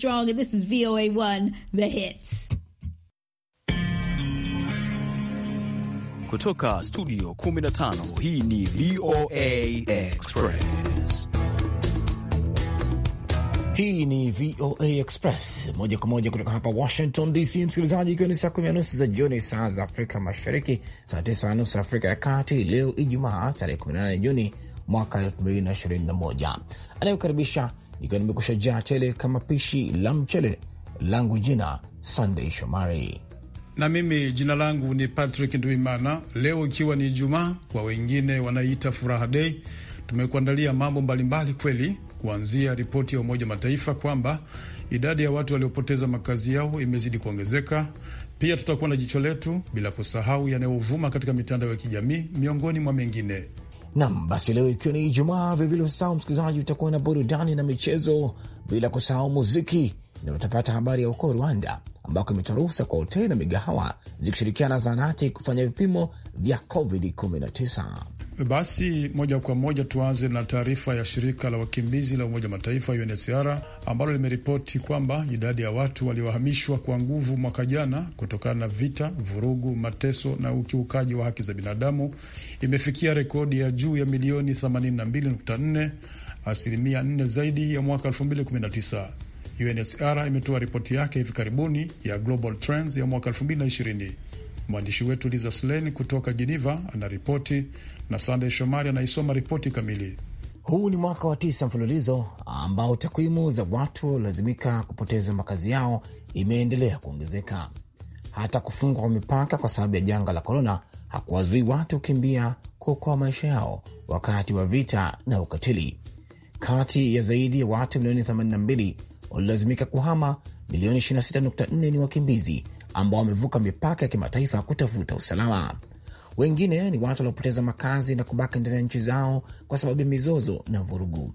Strong, and this is VOA1, The Hits. Kutoka studio 15, hii ni VOA Express. Hii ni VOA Express moja kwa moja kutoka hapa Washington DC, msikilizaji, ikiwa ni saa kumi na nusu za jioni saa za Afrika Mashariki, saa tisa na nusu Afrika ya Kati. Leo Ijumaa tarehe 18 Juni mwaka 2021, anayokaribisha ikiwa nimekusha jaa tele kama pishi la mchele langu. Jina sandey Shomari na mimi jina langu ni Patrick Nduimana. Leo ikiwa ni Ijumaa, kwa wengine wanaita furaha dei, tumekuandalia mambo mbalimbali kweli, kuanzia ripoti ya Umoja Mataifa kwamba idadi ya watu waliopoteza makazi yao imezidi kuongezeka. Pia tutakuwa na jicho letu, bila kusahau yanayovuma katika mitandao ya kijamii, miongoni mwa mengine. Nam, basi leo ikiwa ni Ijumaa, vilevile usisahau msikilizaji, utakuwa na burudani na michezo, bila kusahau muziki na utapata habari ya huko Rwanda ambako imetoa ruhusa kwa hoteli na migahawa zikishirikiana na zahanati kufanya vipimo vya COVID-19. Basi moja kwa moja tuanze na taarifa ya shirika la wakimbizi la Umoja Mataifa UNHCR ambalo limeripoti kwamba idadi ya watu waliohamishwa kwa nguvu mwaka jana kutokana na vita, vurugu, mateso na ukiukaji wa haki za binadamu imefikia rekodi ya juu ya milioni 82.4, asilimia 4 zaidi ya mwaka 2019. UNHCR imetoa ripoti yake hivi karibuni ya Global Trends ya mwaka 2020. Mwandishi wetu Liza Slein kutoka Geneva anaripoti na Sandey Shomari anaisoma ripoti kamili. Huu ni mwaka wa tisa mfululizo ambao takwimu za watu waliolazimika kupoteza makazi yao imeendelea kuongezeka. Hata kufungwa kwa mipaka kwa sababu ya janga la korona hakuwazui watu kukimbia kuokoa maisha yao wakati wa vita na ukatili. Kati ya zaidi ya watu milioni 82 waliolazimika kuhama, milioni 26.4 ni wakimbizi ambao wamevuka mipaka ya kimataifa kutafuta usalama. Wengine ni watu waliopoteza makazi na kubaki ndani ya nchi zao kwa sababu ya mizozo na vurugu.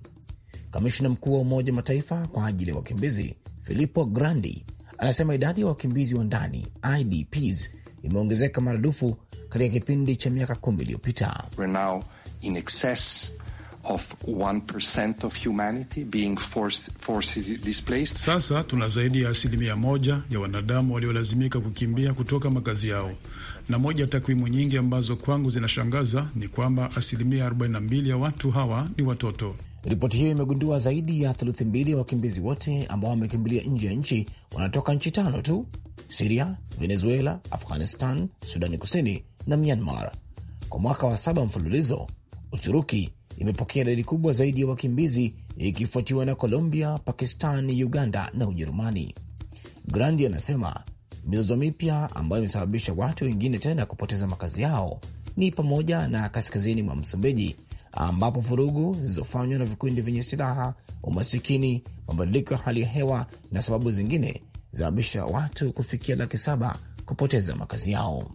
Kamishna mkuu wa Umoja wa Mataifa kwa ajili ya wakimbizi Filippo Grandi anasema idadi ya wakimbizi wa ndani IDPs imeongezeka maradufu katika kipindi cha miaka kumi iliyopita of 1% of humanity being forced, forced displaced. Sasa tuna zaidi ya asilimia moja ya wanadamu waliolazimika kukimbia kutoka makazi yao, na moja ya takwimu nyingi ambazo kwangu zinashangaza ni kwamba asilimia 42 ya watu hawa ni watoto. Ripoti hiyo imegundua zaidi ya theluthi mbili ya wakimbizi wote ambao wamekimbilia nje ya nchi wanatoka nchi tano tu: Siria, Venezuela, Afghanistan, Sudani Kusini na Myanmar. Kwa mwaka wa saba mfululizo Uturuki imepokea idadi kubwa zaidi ya wakimbizi ikifuatiwa na Colombia, Pakistan, Uganda na Ujerumani. Grandi anasema mizozo mipya ambayo imesababisha watu wengine tena kupoteza makazi yao ni pamoja na kaskazini mwa Msumbiji ambapo vurugu zilizofanywa na vikundi vyenye silaha, umasikini, mabadiliko ya hali ya hewa na sababu zingine zinasababisha watu kufikia laki saba kupoteza makazi yao.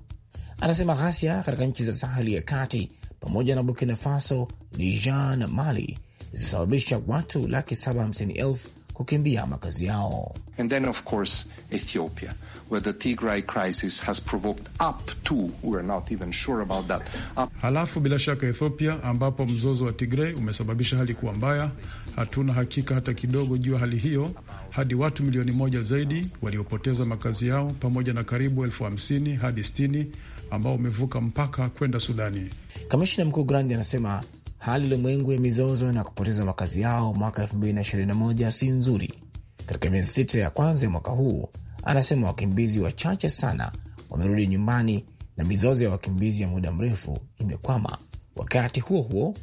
Anasema ghasia katika nchi za sahali ya kati pamoja na Burkina Faso, Niger na Mali zilisababisha watu laki saba hamsini elfu kukimbia makazi yao. And then of course, Ethiopia where the Tigray crisis has provoked up to, we're not even sure about that. Up... Halafu bila shaka Ethiopia ambapo mzozo wa Tigray umesababisha hali kuwa mbaya. Hatuna hakika hata kidogo juu ya hali hiyo, hadi watu milioni moja zaidi waliopoteza makazi yao pamoja na karibu elfu hamsini hadi sitini ambao wamevuka mpaka kwenda Sudani. Kamishina mkuu Grandi anasema hali ulimwengu ya mizozo na kupoteza makazi yao mwaka 2021 si nzuri. Katika miezi sita ya kwanza ya mwaka huu, anasema wakimbizi wachache sana wamerudi nyumbani na mizozo ya wakimbizi ya muda mrefu imekwama. Wakati huo huo,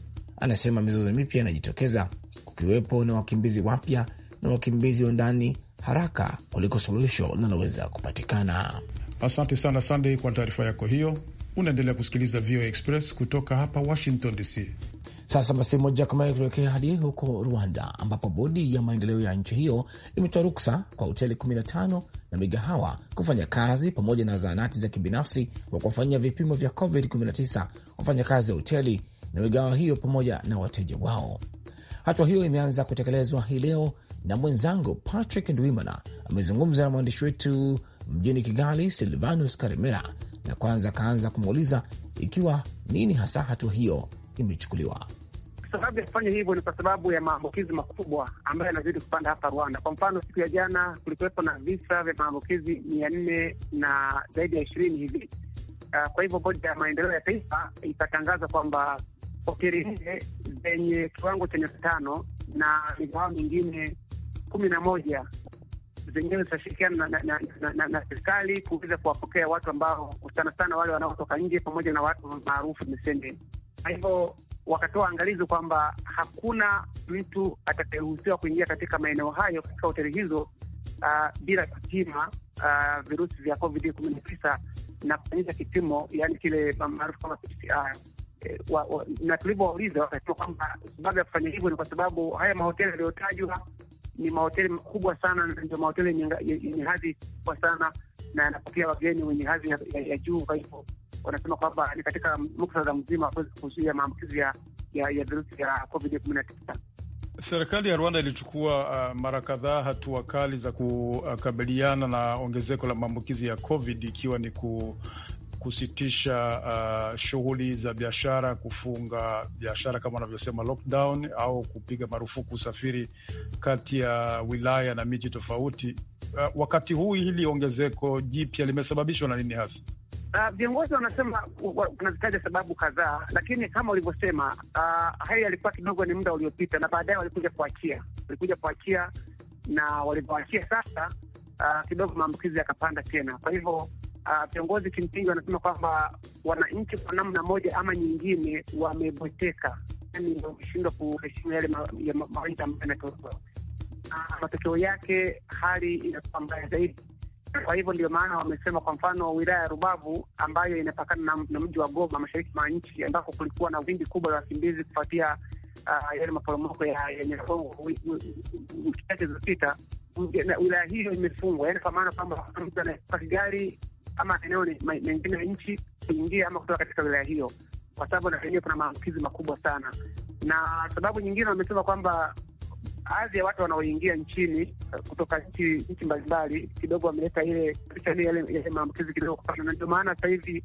anasema mizozo mipya inajitokeza, kukiwepo na wakimbizi wapya na wakimbizi wa ndani haraka kuliko suluhisho linaloweza kupatikana. Asante sana Sandey kwa taarifa yako hiyo. Unaendelea kusikiliza VOA Express kutoka hapa Washington DC. Sasa basi, moja kwa moja kuelekea hadi huko Rwanda, ambapo bodi ya maendeleo ya nchi hiyo imetoa ruksa kwa hoteli 15 na migahawa kufanya kazi pamoja na zahanati za kibinafsi kwa kuwafanyia vipimo vya COVID-19 wafanyakazi wa hoteli na migahawa hiyo pamoja na wateja wao. Hatua hiyo imeanza kutekelezwa hii leo, na mwenzangu Patrick Ndwimana amezungumza na mwandishi wetu mjini Kigali, Silvanus Karimera, na kwanza akaanza kumuuliza ikiwa nini hasa hatua hiyo imechukuliwa. Sababu ya kufanya hivyo ni kwa sababu ya maambukizi makubwa ambayo yanazidi kupanda hapa Rwanda. Kwa mfano, siku ya jana kulikuwepo na visa vya maambukizi mia nne na zaidi ya ishirini hivi. Uh, kwa hivyo bodi ya maendeleo ya taifa itatangaza kwamba hoteli nne zenye kiwango cha nyota tano na migawao mingine kumi na moja zenyewe zitashirikiana na serikali kuweza kuwapokea watu ambao sana sana wale wanaotoka nje pamoja na watu maarufu niseme kwa hivyo wakatoa angalizo kwamba hakuna mtu atakayeruhusiwa kuingia katika maeneo hayo katika hoteli hizo uh, bila kupima uh, virusi vya COVID kumi na kufanyisha kipimo, yani kile maarufu kama PCR. Eh, wa, wa, na tulivyowauliza wakasema kwamba sababu ya kufanya hivyo ni kwa sababu haya mahoteli yaliyotajwa ni mahoteli makubwa sana, ndio mahoteli yenye hadhi kubwa sana na yanapokea wageni wenye hadhi ya, ya, ya juu. Kwa hivyo wanasema kwamba ni katika muktadha mzima kuweza kuzuia maambukizi ya, ya, ya virusi vya Covid kumi na tisa. Serikali ya Rwanda ilichukua uh, mara kadhaa hatua kali za kukabiliana na ongezeko la maambukizi ya Covid ikiwa ni ku kusitisha uh, shughuli za biashara, kufunga biashara kama wanavyosema lockdown, au kupiga marufuku usafiri kati ya wilaya na miji tofauti. Uh, wakati huu hili ongezeko jipya limesababishwa na nini hasa? Uh, viongozi wanasema wanazitaja sababu kadhaa, lakini kama ulivyosema, uh, yalikuwa kidogo ni muda uliopita, na baadaye walikuja kuachia, walikuja kuachia na walivyoachia sasa, uh, kidogo maambukizi yakapanda tena. Kwa hivyo viongozi kimsingi wanasema kwamba wananchi kwa namna moja ama nyingine wamebweteka, yani wameshindwa kuheshimu yale mawaidha ambayo yanatolewa. Matokeo yake hali inakuwa mbaya zaidi. Kwa hivyo ndio maana wamesema, kwa mfano wilaya ya Rubavu ambayo inapakana na, na mji wa Goma mashariki mwa nchi ambako kulikuwa na wimbi kubwa la wakimbizi kufuatia uh, yale maporomoko ya Nyiragongo wiki chache zilizopita, wilaya hiyo imefungwa, yaani kwa maana kwamba mtu anatoka Kigali ama eneo mengine ya nchi kuingia ama kutoka katika wilaya hiyo, kwa sababu na kuna maambukizi makubwa sana. Na sababu nyingine wamesema kwamba baadhi ya watu wanaoingia nchini eh, kutoka nchi mbalimbali kidogo wameleta ile yale maambukizi kidogo kupata, na ndio maana sasa hivi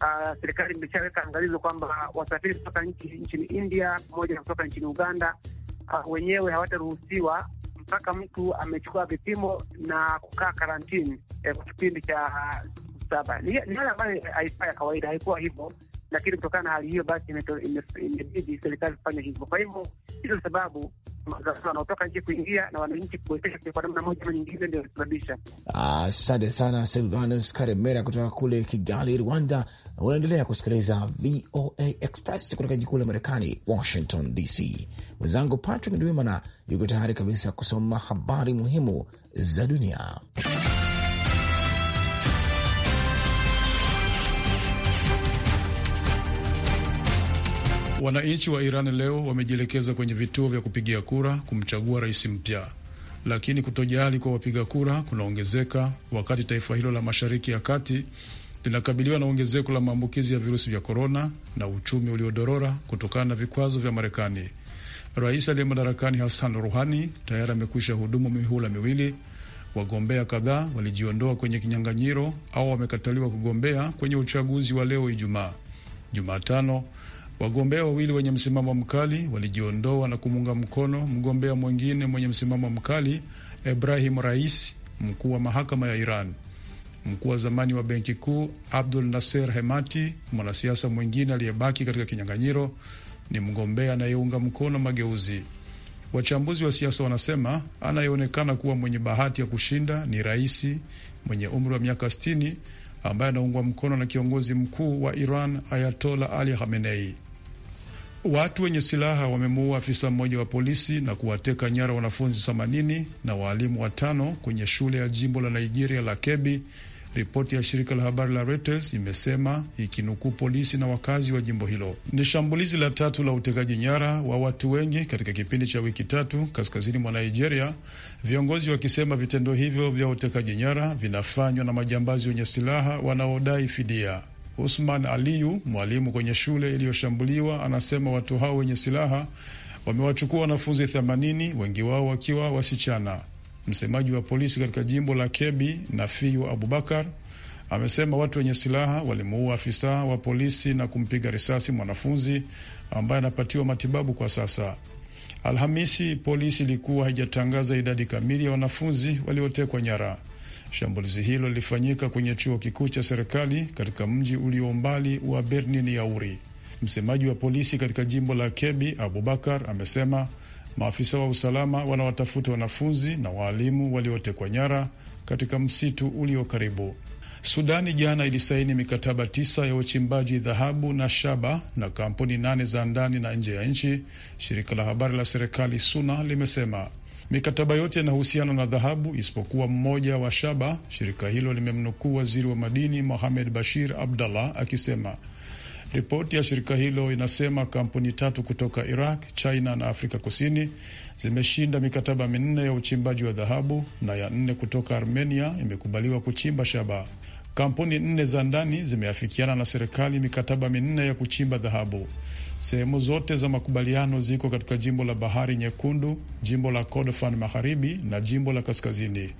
ah, serikali imeshaweka angalizo kwamba wasafiri kutoka nchi nchini India pamoja na kutoka nchini Uganda uh, wenyewe hawataruhusiwa mpaka mtu amechukua vipimo na kukaa karantini eh, kwa eh, kipindi cha uh, saba. Ni hali ambayo haifaa ya kawaida, haikuwa hivyo lakini kutokana na hali hiyo basi imebidi serikali kufanya hivyo. Kwa hivyo hizo sababu wanaotoka nje kuingia na wananchi kuwezesha kwa namna moja ama nyingine ndio Asante ah, sana Silvanus Karemera kutoka kule Kigali, Rwanda. Unaendelea kusikiliza VOA Express kutoka jikuu la Marekani, Washington DC. Mwenzangu Patrick Ndwimana yuko tayari kabisa kusoma habari muhimu za dunia. Wananchi wa Iran leo wamejielekeza kwenye vituo vya kupigia kura kumchagua rais mpya, lakini kutojali kwa wapiga kura kunaongezeka wakati taifa hilo la Mashariki ya Kati linakabiliwa na ongezeko la maambukizi ya virusi vya korona na uchumi uliodorora kutokana na vikwazo vya Marekani. Rais aliye madarakani Hassan Ruhani tayari amekwisha hudumu mihula miwili. Wagombea kadhaa walijiondoa kwenye kinyang'anyiro au wamekataliwa kugombea kwenye uchaguzi wa leo Ijumaa. Jumatano Wagombea wawili wenye msimamo mkali walijiondoa na kumuunga mkono mgombea mwingine mwenye msimamo mkali, Ibrahim Raisi, mkuu wa mahakama ya Iran. Mkuu wa zamani wa benki kuu Abdul Nasser Hemati, mwanasiasa mwingine aliyebaki katika kinyang'anyiro, ni mgombea anayeunga mkono mageuzi. Wachambuzi wa siasa wanasema anayeonekana kuwa mwenye bahati ya kushinda ni Raisi mwenye umri wa miaka 60 ambaye anaungwa mkono na kiongozi mkuu wa Iran Ayatollah Ali Khamenei. Watu wenye silaha wamemuua afisa mmoja wa polisi na kuwateka nyara wanafunzi 80 na waalimu watano kwenye shule ya jimbo la Nigeria la Kebbi, ripoti ya shirika la habari la Reuters imesema ikinukuu polisi na wakazi wa jimbo hilo. Ni shambulizi la tatu la utekaji nyara wa watu wengi katika kipindi cha wiki tatu kaskazini mwa Nigeria, viongozi wakisema vitendo hivyo vya utekaji nyara vinafanywa na majambazi wenye silaha wanaodai fidia. Usman Aliyu, mwalimu kwenye shule iliyoshambuliwa, anasema watu hao wenye silaha wamewachukua wanafunzi 80 wengi wao wakiwa wasichana. Msemaji wa polisi katika jimbo la Kebi, Nafiu Abubakar, amesema watu wenye silaha walimuua afisa wa polisi na kumpiga risasi mwanafunzi ambaye anapatiwa matibabu kwa sasa. Alhamisi polisi ilikuwa haijatangaza idadi kamili ya wanafunzi waliotekwa nyara. Shambulizi hilo lilifanyika kwenye chuo kikuu cha serikali katika mji ulio mbali wa Bernin Yauri. Msemaji wa polisi katika jimbo la Kebi, Abubakar, amesema maafisa wa usalama wanawatafuta wanafunzi na waalimu waliotekwa nyara katika msitu ulio karibu. Sudani jana ilisaini mikataba tisa ya uchimbaji dhahabu na shaba na kampuni nane za ndani na nje ya nchi, shirika la habari la serikali SUNA limesema. Mikataba yote inahusiana na dhahabu isipokuwa mmoja wa shaba. Shirika hilo limemnukuu waziri wa madini Mohamed Bashir Abdallah akisema Ripoti ya shirika hilo inasema kampuni tatu kutoka Iraq, China na Afrika Kusini zimeshinda mikataba minne ya uchimbaji wa dhahabu na ya nne kutoka Armenia imekubaliwa kuchimba shaba. Kampuni nne za ndani zimeafikiana na serikali mikataba minne ya kuchimba dhahabu. Sehemu zote za makubaliano ziko katika jimbo la Bahari Nyekundu, jimbo la Kordofan Magharibi na jimbo la Kaskazini.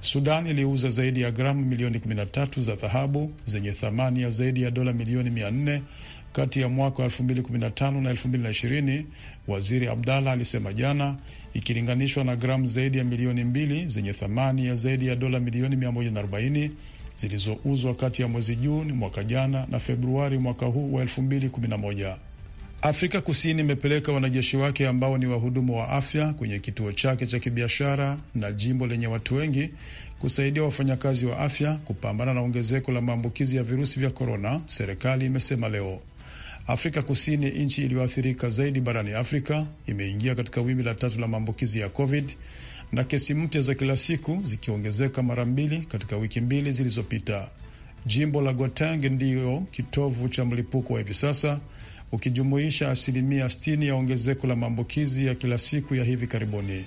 Sudan iliuza zaidi ya gramu milioni 13 za dhahabu zenye thamani ya zaidi ya dola milioni 400 kati ya mwaka wa 2015 na 2020, Waziri Abdalla alisema jana, ikilinganishwa na gramu zaidi ya milioni mbili zenye thamani ya zaidi ya dola milioni 140 zilizouzwa kati ya mwezi Juni mwaka jana na Februari mwaka huu wa Afrika Kusini imepeleka wanajeshi wake ambao ni wahudumu wa afya kwenye kituo chake cha kibiashara na jimbo lenye watu wengi kusaidia wafanyakazi wa afya kupambana na ongezeko la maambukizi ya virusi vya korona, serikali imesema leo. Afrika Kusini, nchi iliyoathirika zaidi barani Afrika, imeingia katika wimbi la tatu la maambukizi ya COVID na kesi mpya za kila siku zikiongezeka mara mbili katika wiki mbili zilizopita. Jimbo la Gauteng ndiyo kitovu cha mlipuko wa hivi sasa ukijumuisha asilimia 60 ya ongezeko la maambukizi ya kila siku ya hivi karibuni.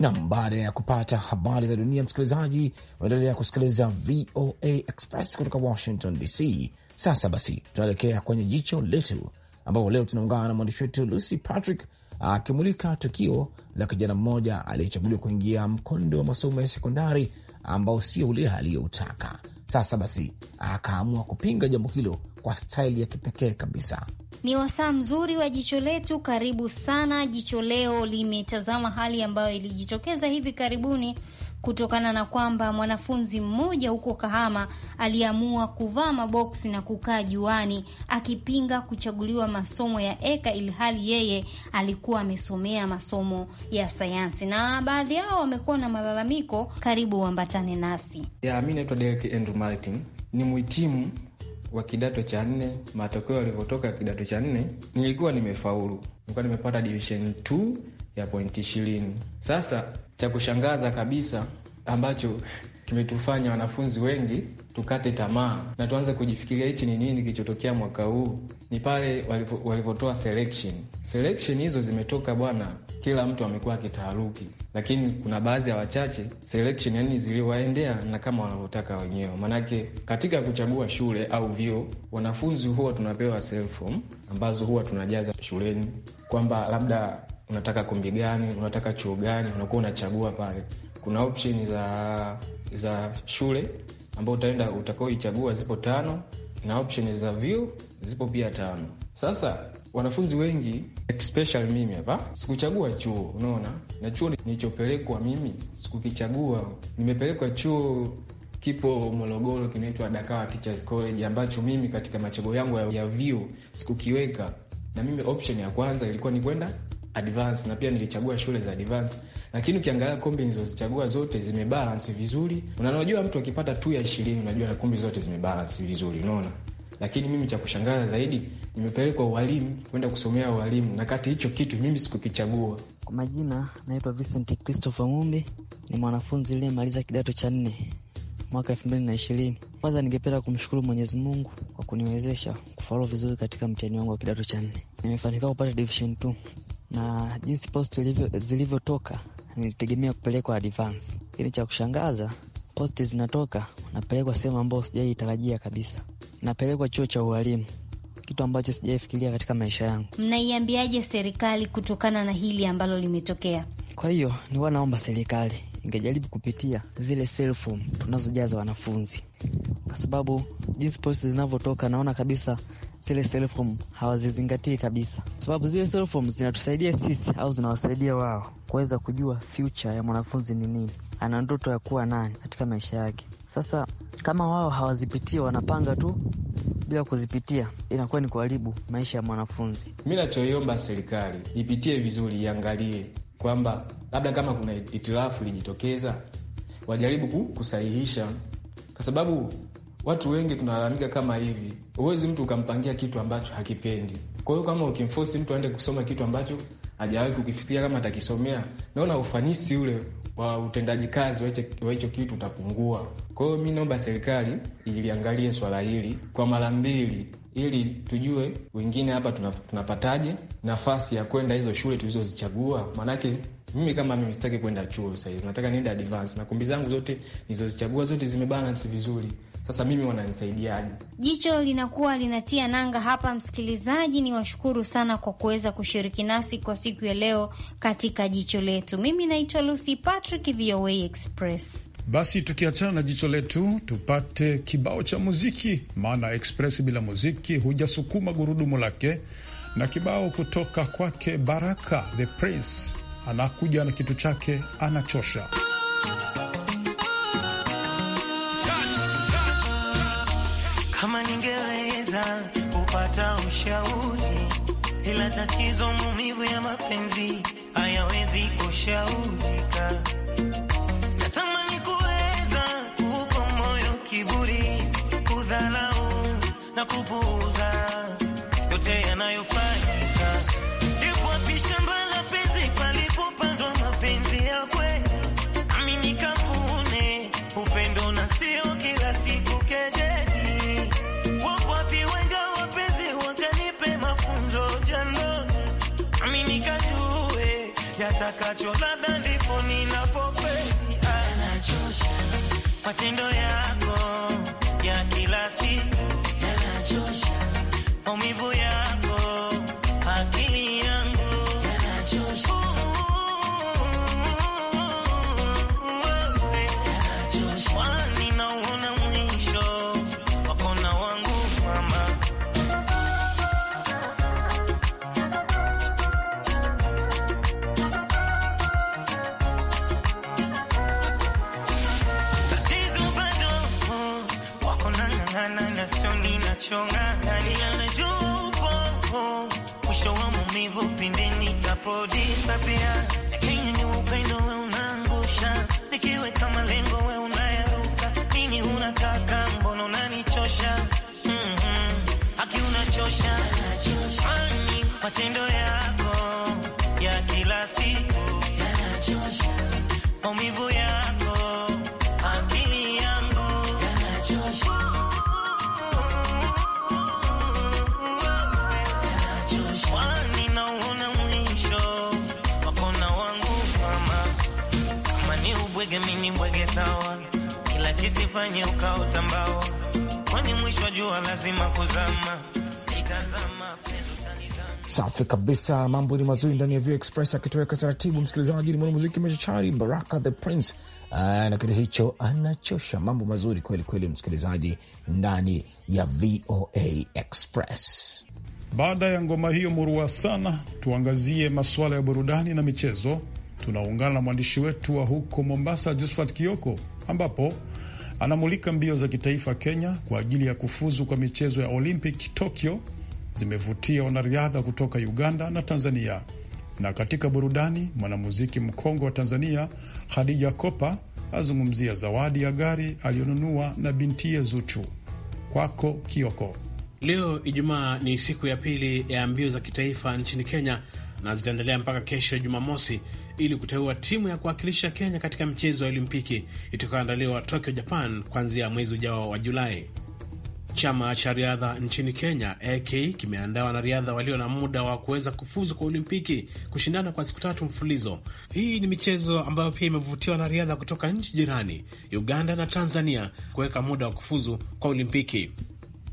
Nam, baada ya kupata habari za dunia, msikilizaji, unaendelea kusikiliza VOA Express kutoka Washington DC. Sasa basi, tunaelekea kwenye jicho letu ambapo leo tunaungana na mwandishi wetu Lucy Patrick ah, akimulika tukio la kijana mmoja aliyechaguliwa kuingia mkondo wa masomo ya sekondari ambao sio ule aliyoutaka. Sasa basi, ah, akaamua kupinga jambo hilo kwa staili ya kipekee kabisa. Ni wasaa mzuri wa jicho letu. Karibu sana. Jicho leo limetazama hali ambayo ilijitokeza hivi karibuni kutokana na kwamba mwanafunzi mmoja huko Kahama aliamua kuvaa maboksi na kukaa juani akipinga kuchaguliwa masomo ya eka, ilhali yeye alikuwa amesomea masomo ya sayansi. Na baadhi yao wamekuwa na malalamiko. Karibu uambatane nasi. Yeah, mi naitwa Derek Andrew Martin, ni mhitimu wa kidato cha nne, matokeo yalivyotoka ya kidato cha nne, nilikuwa nimefaulu, nilikuwa nimepata division 2 ya pointi ishirini. Sasa cha kushangaza kabisa ambacho kimetufanya wanafunzi wengi tukate tamaa na tuanze kujifikiria hichi ni nini kilichotokea mwaka huu. Ni pale walivyotoa selection. Selection hizo zimetoka bwana, kila mtu amekuwa akitaharuki, lakini kuna baadhi ya wachache selection yani ziliwaendea na kama wanavyotaka wenyewe. Maanake katika kuchagua shule au vyuo, wanafunzi huwa tunapewa self ambazo huwa tunajaza shuleni, kwamba labda unataka kumbi gani, unataka chuo gani, unakuwa unachagua pale kuna option za za shule ambayo utaenda utakaoichagua, zipo tano na option za vyuo zipo pia tano. Sasa wanafunzi wengi especially mimi hapa sikuchagua chuo, unaona, na chuo nilichopelekwa mimi sikukichagua. Nimepelekwa chuo kipo Morogoro, kinaitwa Dakawa Teachers College ambacho mimi katika machaguo yangu ya, ya vyuo sikukiweka, na mimi option ya kwanza ilikuwa ni kwenda advance na pia nilichagua shule za advance, lakini ukiangalia kombi nilizozichagua zote zimebalance vizuri. Unanajua, mtu akipata tu ya ishirini, unajua na kombi zote zimebalance vizuri, unaona. Lakini mimi cha kushangaza zaidi, nimepelekwa ualimu kwenda kusomea ualimu, na kati hicho kitu mimi sikukichagua. Kwa majina naitwa Vincent Christopher Mumbi, ni mwanafunzi aliyemaliza kidato cha nne mwaka elfu mbili na ishirini. Kwanza ningependa kumshukuru Mwenyezi Mungu kwa kuniwezesha kufaulu vizuri katika mtihani wangu wa kidato cha nne. Nimefanikiwa kupata division 2 na jinsi posti zilivyotoka nilitegemea kupelekwa advance, lakini cha kushangaza posti zinatoka napelekwa sehemu ambayo sijaitarajia kabisa. Napelekwa chuo cha ualimu, kitu ambacho sijaifikiria katika maisha yangu. Mnaiambiaje serikali kutokana na hili ambalo limetokea? Kwa hiyo niwa naomba serikali ingejaribu kupitia zile selfu tunazojaza wanafunzi, kwa sababu jinsi posti zinavyotoka naona kabisa zile cellphone hawazizingatii kabisa, sababu zile cellphone zinatusaidia sisi au zinawasaidia wao kuweza kujua future ya mwanafunzi ni nini, ana ndoto ya kuwa nani katika maisha yake. Sasa kama wao hawazipitii, wanapanga tu bila kuzipitia inakuwa ni kuharibu maisha ya mwanafunzi. Mi nachoiomba serikali ipitie vizuri, iangalie kwamba labda kama kuna itilafu ilijitokeza, wajaribu kusahihisha, kwa sababu Watu wengi tunalalamika kama hivi, huwezi mtu ukampangia kitu ambacho hakipendi. Kwa hiyo kama ukimforce mtu aende kusoma kitu ambacho hajawahi kukifikiria kama atakisomea, naona ufanisi ule wa utendaji kazi wa hicho kitu utapungua. Kwa hiyo mi naomba serikali iliangalie swala hili kwa mara mbili, ili tujue wengine hapa tunapataje nafasi ya kwenda hizo shule tulizozichagua, maanake mimi kama mimi sitaki kwenda chuo sasa nataka niende advance na kumbi zangu zote nilizozichagua zote zimebalance vizuri. Sasa mimi wananisaidiaje? Jicho linakuwa linatia nanga hapa. Msikilizaji, ni washukuru sana kwa kuweza kushiriki nasi kwa siku ya leo katika jicho letu. Mimi naitwa Lucy Patrick, VOA Express. Basi tukiachana na jicho letu, tupate kibao cha muziki, maana Express bila muziki hujasukuma gurudumu lake, na kibao kutoka kwake Baraka the Prince anakuja na kitu chake, anachosha. Kama ningeweza kupata ushauri, ila tatizo maumivu ya mapenzi hayawezi kushaurika. Natamani kuweza kuupa moyo kiburi, kudharau na kupuuza yote yanayofanya ambacho labda ndipo ninapopeni. Anachosha matendo yako ya kila siku yanachosha maumivu pia mwisho wa maumivu pindi nitapodi sapia, lakini upendo we unaangusha, nikiweka malengo we unayaruka. Nini unataka? Mbona unanichosha? mm matendo yako ya kila siku maumivu yako sawa, kila kisifanye ukautambao, kwani mwisho jua lazima kuzama. Itazama safi kabisa, mambo ni mazuri ndani ya View Express, akitoweka taratibu msikilizaji. Ni mwanamuziki machachari Baraka the Prince ah, na kitu hicho anachosha. Mambo mazuri kweli kweli, msikilizaji, ndani ya VOA Express. Baada ya ngoma hiyo murua sana, tuangazie masuala ya burudani na michezo. Tunaungana na mwandishi wetu wa huko Mombasa, Josphat Kioko, ambapo anamulika mbio za kitaifa Kenya kwa ajili ya kufuzu kwa michezo ya Olympic Tokyo zimevutia wanariadha kutoka Uganda na Tanzania. Na katika burudani, mwanamuziki mkongwe wa Tanzania Khadija Kopa azungumzia zawadi ya gari aliyonunua na bintiye Zuchu. Kwako Kioko. Leo Ijumaa ni siku ya pili ya mbio za kitaifa nchini Kenya na zitaendelea mpaka kesho Jumamosi ili kuteua timu ya kuwakilisha Kenya katika mchezo ya Olimpiki itakayoandaliwa Tokyo, Japan, kuanzia mwezi ujao wa Julai. Chama cha riadha nchini Kenya AK kimeandaa wanariadha walio na muda wa kuweza kufuzu kwa Olimpiki kushindana kwa siku tatu mfululizo. Hii ni michezo ambayo pia imevutia wanariadha kutoka nchi jirani Uganda na Tanzania kuweka muda wa kufuzu kwa Olimpiki.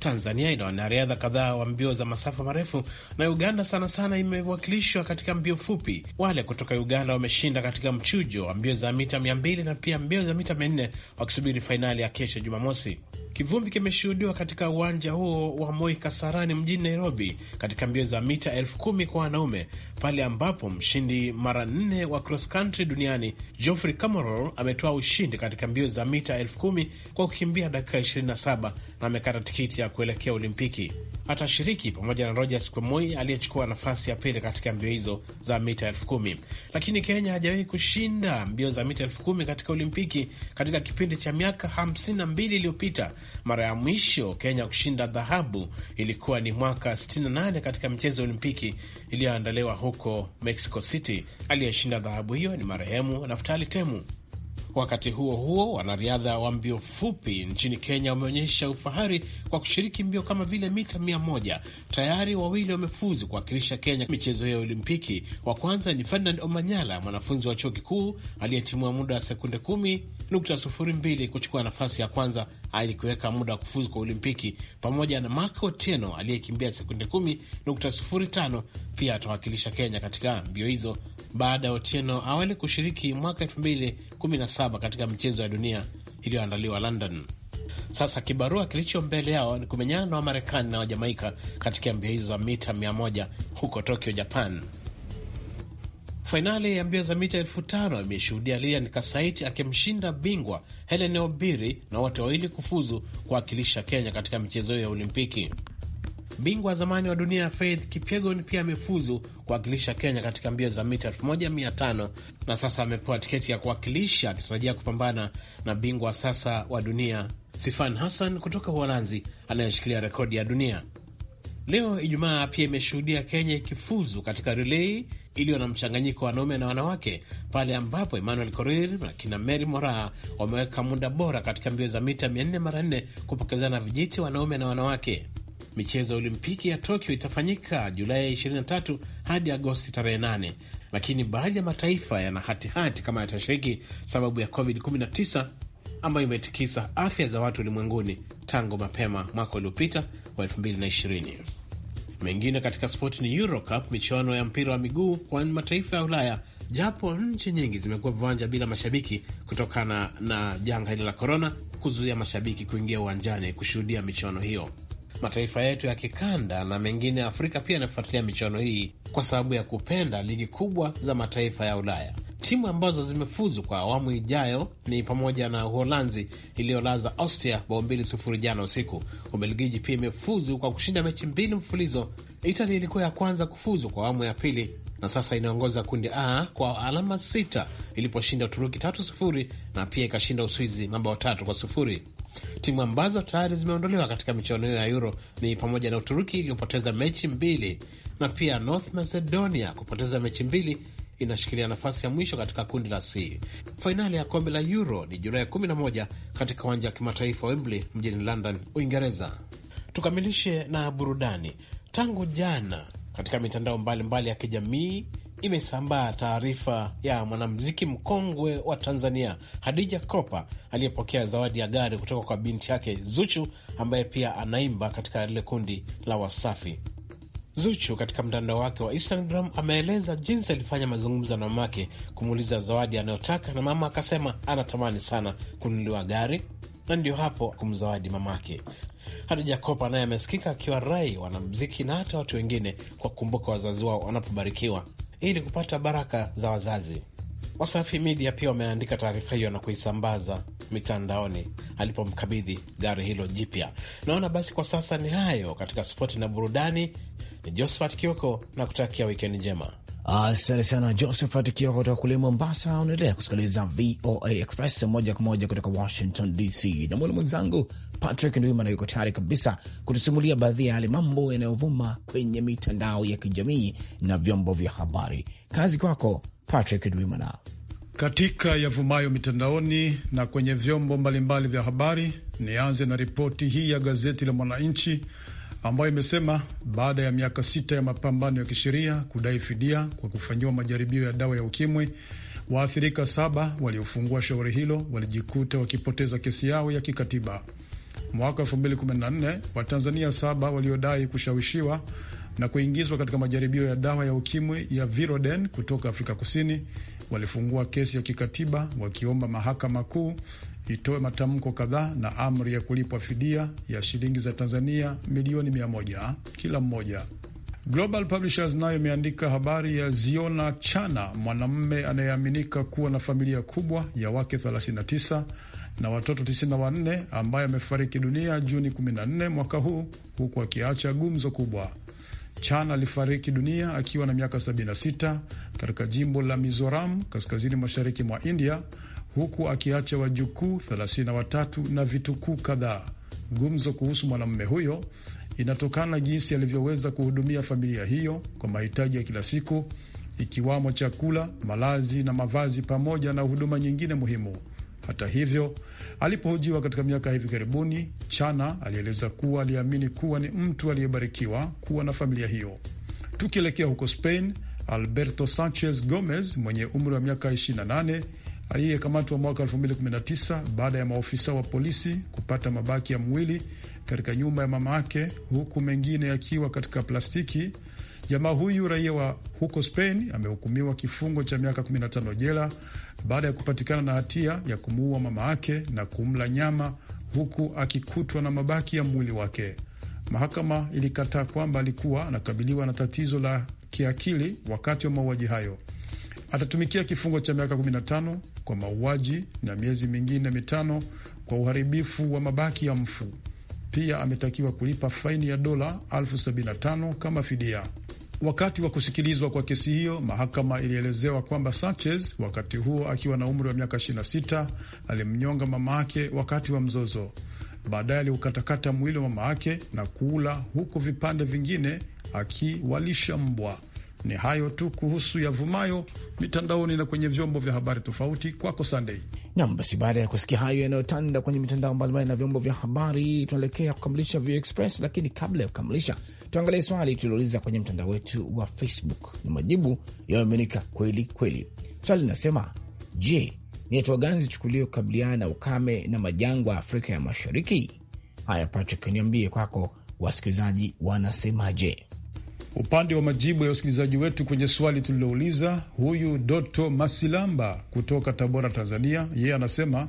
Tanzania ina wanariadha kadhaa wa mbio za masafa marefu na Uganda sana sana imewakilishwa katika mbio fupi. Wale kutoka Uganda wameshinda katika mchujo wa mbio za mita mia mbili na pia mbio za mita mia nne wakisubiri fainali ya kesho Jumamosi. Kivumbi kimeshuhudiwa katika uwanja huo wa Moi Kasarani mjini Nairobi, katika mbio za mita elfu kumi kwa wanaume, pale ambapo mshindi mara nne wa cross country duniani Geoffrey Kamworor ametoa ushindi katika mbio za mita elfu kumi kwa kukimbia dakika 27 na amekata tikiti ya kuelekea Olimpiki. Atashiriki pamoja na Rogers Kwemoi aliyechukua nafasi ya pili katika mbio hizo za mita elfu kumi. Lakini Kenya hajawahi kushinda mbio za mita elfu kumi katika Olimpiki katika kipindi cha miaka 52 iliyopita. Mara ya mwisho Kenya kushinda dhahabu ilikuwa ni mwaka 68 katika michezo ya Olimpiki iliyoandaliwa huko Mexico City. Aliyeshinda dhahabu hiyo ni marehemu Naftali Temu. Wakati huo huo, wanariadha wa mbio fupi nchini Kenya wameonyesha ufahari kwa kushiriki mbio kama vile mita mia moja. Tayari wawili wamefuzu kuwakilisha Kenya michezo ya Olimpiki. Wa kwanza ni Ferdinand Omanyala, mwanafunzi wa chuo kikuu aliyetimua muda wa sekunde kumi nukta sufuri mbili kuchukua nafasi ya kwanza alikuweka muda wa kufuzu kwa Olimpiki, pamoja na Marco Tieno aliyekimbia sekunde kumi nukta sufuri tano pia atawakilisha Kenya katika mbio hizo baada ya Otieno awali kushiriki mwaka 2017 katika michezo ya dunia iliyoandaliwa London. Sasa kibarua kilicho mbele yao ni kumenyana na Wamarekani na Wajamaika katika mbio hizo za mita 100 huko Tokyo, Japan. Fainali ya mbio za mita elfu tano imeshuhudia Lilian Kasaiti akimshinda bingwa Helen Obiri na wote wawili kufuzu kuwakilisha Kenya katika michezo hiyo ya Olimpiki. Bingwa wa zamani wa dunia Faith Kipyegon pia amefuzu kuwakilisha Kenya katika mbio za mita 1500 na sasa amepewa tiketi ya kuwakilisha, akitarajia kupambana na bingwa sasa wa dunia Sifan Hassan kutoka Uholanzi anayeshikilia rekodi ya dunia. Leo Ijumaa pia imeshuhudia Kenya ikifuzu katika relei iliyo na mchanganyiko wa wanaume na wanawake, pale ambapo Emmanuel Korir na kina Mary Moraa wameweka muda bora katika mbio za mita 400 mara 4 kupokezana vijiti wanaume na wanawake. Michezo ya Olimpiki ya Tokyo itafanyika Julai 23 hadi Agosti tarehe 8, lakini baadhi ya mataifa yana hatihati kama yatashiriki sababu ya COVID-19 ambayo imetikisa afya za watu ulimwenguni tangu mapema mwaka uliopita wa 2020. Mengine katika spoti ni eurocup michuano ya mpira wa miguu kwa mataifa ya Ulaya, japo nchi nyingi zimekuwa viwanja bila mashabiki kutokana na janga hili la korona kuzuia mashabiki kuingia uwanjani kushuhudia michuano hiyo mataifa yetu ya kikanda na mengine ya Afrika pia yanafuatilia michuano hii kwa sababu ya kupenda ligi kubwa za mataifa ya Ulaya. Timu ambazo zimefuzu kwa awamu ijayo ni pamoja na Uholanzi iliyolaza Austria bao mbili sufuri jana usiku. Ubelgiji pia imefuzu kwa kushinda mechi mbili mfulizo. itali ilikuwa ya kwanza kufuzu kwa awamu ya pili na sasa inaongoza kundi A kwa alama sita iliposhinda Uturuki tatu sufuri na pia ikashinda Uswizi mabao tatu kwa sufuri. Timu ambazo tayari zimeondolewa katika michuano hiyo ya Euro ni pamoja na Uturuki iliyopoteza mechi mbili na pia North Macedonia kupoteza mechi mbili inashikilia nafasi ya mwisho katika kundi la C. Fainali ya kombe la Euro ni Julai 11 katika uwanja wa kimataifa Wembley mjini London, Uingereza. Tukamilishe na burudani. Tangu jana katika mitandao mbalimbali mbali ya kijamii imesambaa taarifa ya mwanamuziki mkongwe wa Tanzania Hadija Kopa aliyepokea zawadi ya gari kutoka kwa binti yake Zuchu ambaye pia anaimba katika lile kundi la Wasafi. Zuchu katika mtandao wake wa Instagram ameeleza jinsi alifanya mazungumzo na mamake kumuuliza zawadi anayotaka, na mama akasema anatamani sana kununuliwa gari na ndio hapo kumzawadi mamake. Hadija Kopa naye amesikika akiwa rai wanamziki na hata watu wengine kwa kukumbuka wazazi wao wanapobarikiwa ili kupata baraka za wazazi. Wasafi Media pia wameandika taarifa hiyo na kuisambaza mitandaoni alipomkabidhi gari hilo jipya. Naona basi kwa sasa ni hayo katika spoti na burudani. Ni Josephat Kioko na kutakia wikendi njema. Asante sana Josephat Kioko kutoka kule Mombasa. Unaendelea kusikiliza VOA Express moja kwa moja kutoka Washington DC, na mwalimu mwenzangu Patrick Ndwimana yuko tayari kabisa kutusimulia baadhi ya yale mambo yanayovuma kwenye mitandao ya kijamii na vyombo vya habari. Kazi kwako Patrick Ndwimana. Katika yavumayo mitandaoni na kwenye vyombo mbalimbali vya habari, nianze na ripoti hii ya gazeti la Mwananchi ambayo imesema baada ya miaka sita ya mapambano ya kisheria kudai fidia kwa kufanyiwa majaribio ya dawa ya ukimwi, waathirika saba waliofungua shauri hilo walijikuta wakipoteza kesi yao ya kikatiba. Mwaka 2014 Watanzania saba waliodai kushawishiwa na kuingizwa katika majaribio ya dawa ya ukimwi ya Viroden kutoka Afrika Kusini walifungua kesi ya kikatiba wakiomba mahakama kuu itoe matamko kadhaa na amri ya kulipwa fidia ya shilingi za Tanzania milioni mia moja kila mmoja. Global Publishers nayo imeandika habari ya Ziona Chana, mwanamume anayeaminika kuwa na familia kubwa ya wake 39 na watoto 94 ambaye amefariki dunia Juni 14 mwaka huu huku akiacha gumzo kubwa. Chan alifariki dunia akiwa na miaka 76 katika jimbo la Mizoram kaskazini mashariki mwa India huku akiacha wajukuu 33 na vitukuu kadhaa. Gumzo kuhusu mwanamume huyo inatokana na jinsi alivyoweza kuhudumia familia hiyo kwa mahitaji ya kila siku ikiwamo chakula, malazi na mavazi pamoja na huduma nyingine muhimu. Hata hivyo, alipohojiwa katika miaka hivi karibuni, Chana alieleza kuwa aliamini kuwa ni mtu aliyebarikiwa kuwa na familia hiyo. Tukielekea huko Spain, Alberto Sanchez Gomez mwenye umri wa miaka 28 aliyekamatwa mwaka 2019 baada ya maofisa wa polisi kupata mabaki ya mwili katika nyumba ya mama yake, huku mengine yakiwa katika plastiki. Jamaa huyu raia wa huko Spain amehukumiwa kifungo cha miaka 15 jela baada ya kupatikana na hatia ya kumuua mama ake na kumla nyama huku akikutwa na mabaki ya mwili wake. Mahakama ilikataa kwamba alikuwa anakabiliwa na tatizo la kiakili wakati wa mauaji hayo. Atatumikia kifungo cha miaka 15 kwa mauaji na miezi mingine mitano kwa uharibifu wa mabaki ya mfu. Pia ametakiwa kulipa faini ya dola elfu sabini na tano kama fidia. Wakati wa kusikilizwa kwa kesi hiyo, mahakama ilielezewa kwamba Sanchez, wakati huo akiwa na umri wa miaka 26, alimnyonga mama yake wakati wa mzozo. Baadaye aliukatakata mwili wa mama yake na kuula, huku vipande vingine akiwalisha mbwa. Ni hayo tu kuhusu yavumayo mitandaoni na kwenye vyombo vya habari tofauti. Kwako Sandei nam. Basi baada ya kusikia hayo yanayotanda kwenye mitandao mbalimbali na vyombo vya habari, tunaelekea kukamilisha VOA Express, lakini kabla ya kukamilisha tuangalie swali tulilouliza kwenye mtandao wetu wa Facebook na majibu yayoaminika kweli kweli. Swali linasema je, ni hatua gani zichukuliwe kukabiliana na ukame na majangwa Afrika ya Mashariki? Haya, Patrick, niambie kwako, wasikilizaji wanasemaje? Upande wa majibu ya wasikilizaji wetu kwenye swali tulilouliza, huyu Doto Masilamba kutoka Tabora, Tanzania, yeye anasema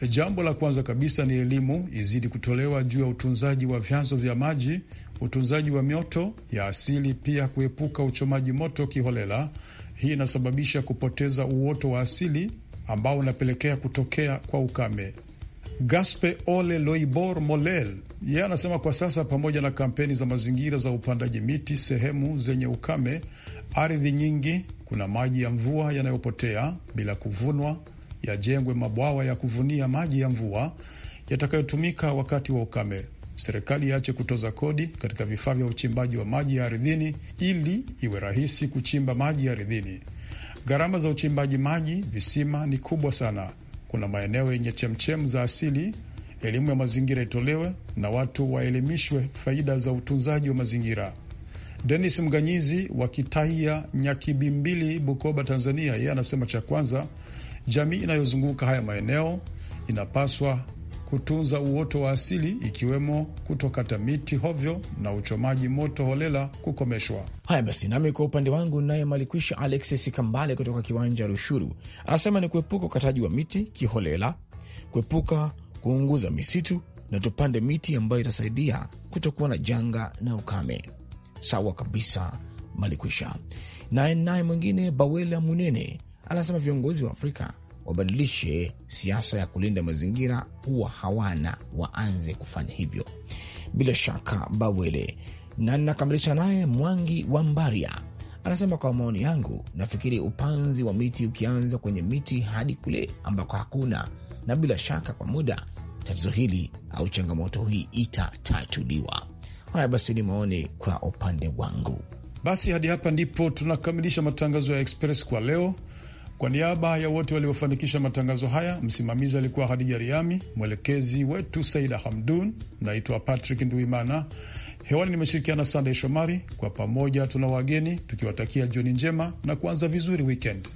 E, jambo la kwanza kabisa ni elimu izidi kutolewa juu ya utunzaji wa vyanzo vya maji, utunzaji wa mioto ya asili, pia kuepuka uchomaji moto kiholela. Hii inasababisha kupoteza uoto wa asili ambao unapelekea kutokea kwa ukame. Gaspe Ole Loibor Molel yeye anasema kwa sasa, pamoja na kampeni za mazingira za upandaji miti sehemu zenye ukame, ardhi nyingi kuna maji ya mvua yanayopotea bila kuvunwa yajengwe mabwawa ya kuvunia maji ya mvua yatakayotumika wakati wa ukame. Serikali iache kutoza kodi katika vifaa vya uchimbaji wa maji ya ardhini ili iwe rahisi kuchimba maji ya ardhini. Gharama za uchimbaji maji visima ni kubwa sana. Kuna maeneo yenye chemchem za asili. Elimu ya mazingira itolewe na watu waelimishwe faida za utunzaji wa mazingira. Denis Mganyizi wa Kitaia, Nyakibimbili, Bukoba, Tanzania, yeye anasema cha kwanza Jamii inayozunguka haya maeneo inapaswa kutunza uoto wa asili ikiwemo kutokata miti hovyo na uchomaji moto holela kukomeshwa. Haya basi, nami kwa upande wangu naye malikwisha Alexis Kambale kutoka kiwanja Rushuru anasema ni kuepuka ukataji wa miti kiholela, kuepuka kuunguza misitu na tupande miti ambayo itasaidia kutokuwa na janga na ukame. Sawa kabisa, Malikwisha. Naye naye mwingine Bawela Munene anasema viongozi wa Afrika wabadilishe siasa ya kulinda mazingira, huwa hawana, waanze kufanya hivyo. Bila shaka Bawele na ninakamilisha naye Mwangi wa Mbaria anasema kwa maoni yangu, nafikiri upanzi wa miti ukianza kwenye miti hadi kule ambako hakuna, na bila shaka kwa muda tatizo hili au changamoto hii itatatuliwa. Haya basi, ni maoni kwa upande wangu. Basi hadi hapa ndipo tunakamilisha matangazo ya Express kwa leo. Kwa niaba ya wote waliofanikisha matangazo haya, msimamizi alikuwa Hadija Riami, mwelekezi wetu Saida Hamdun. Naitwa Patrick Nduimana, hewani nimeshirikiana Sandey Shomari. Kwa pamoja tuna wageni, tukiwatakia jioni njema na kuanza vizuri wikendi.